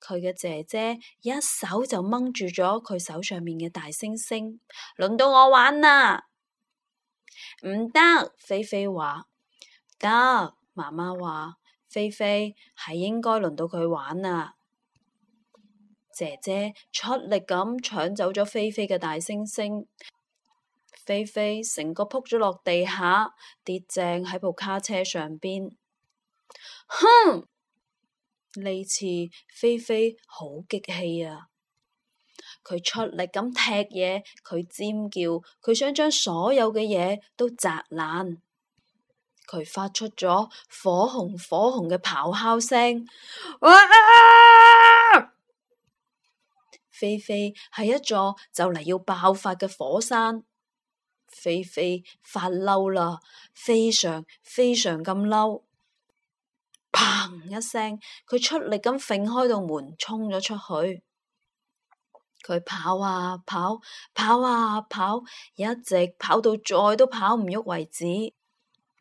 佢嘅姐姐一手就掹住咗佢手上面嘅大猩猩，輪到我玩啦！唔得，菲菲話。得，媽媽話菲菲係應該輪到佢玩啦。姐姐出力咁搶走咗菲菲嘅大猩猩，菲菲成個扑咗落地下，跌正喺部卡車上邊，哼！呢次菲菲好激氣啊！佢出力咁踢嘢，佢尖叫，佢想將所有嘅嘢都砸爛。佢發出咗火紅火紅嘅咆哮聲，哇、啊！菲菲係一座就嚟要爆發嘅火山。菲菲發嬲啦，非常非常咁嬲。砰一聲，佢出力咁揈開道門，衝咗出去。佢跑啊跑，跑啊跑，一直跑到再都跑唔喐為止。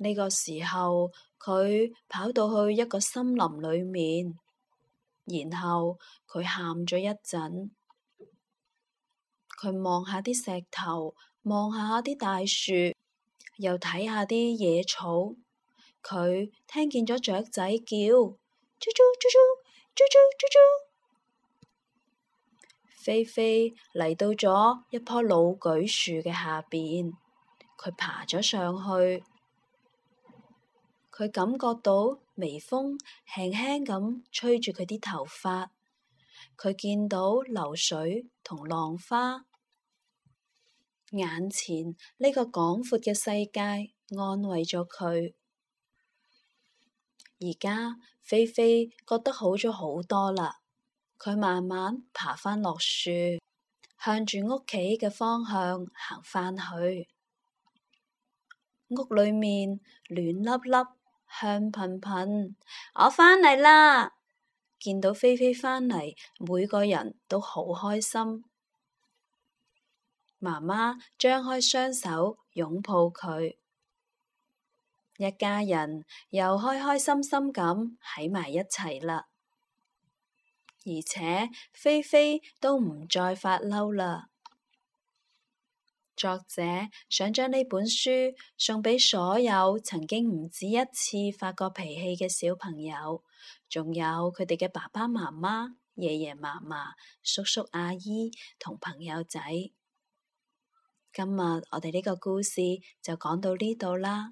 呢個時候，佢跑到去一個森林裏面，然後佢喊咗一陣，佢望下啲石頭，望下啲大樹，又睇下啲野草。佢聽見咗雀仔叫，啾啾啾啾，啾啾啾啾。啡啡啡啡，菲菲嚟到咗一棵老舉樹嘅下邊，佢爬咗上去，佢感覺到微風輕輕咁吹住佢啲頭髮，佢見到流水同浪花，眼前呢個廣闊嘅世界安慰咗佢。而家菲菲覺得好咗好多啦，佢慢慢爬返落樹，向住屋企嘅方向行返去。屋裏面暖粒粒，香噴噴，我返嚟啦！見到菲菲返嚟，每個人都好開心。媽媽張開雙手擁抱佢。一家人又開開心心咁喺埋一齊啦，而且菲菲都唔再發嬲啦。作者想將呢本書送俾所有曾經唔止一次發過脾氣嘅小朋友，仲有佢哋嘅爸爸媽媽、爺爺嫲嫲、叔叔阿姨同朋友仔。今日我哋呢個故事就講到呢度啦。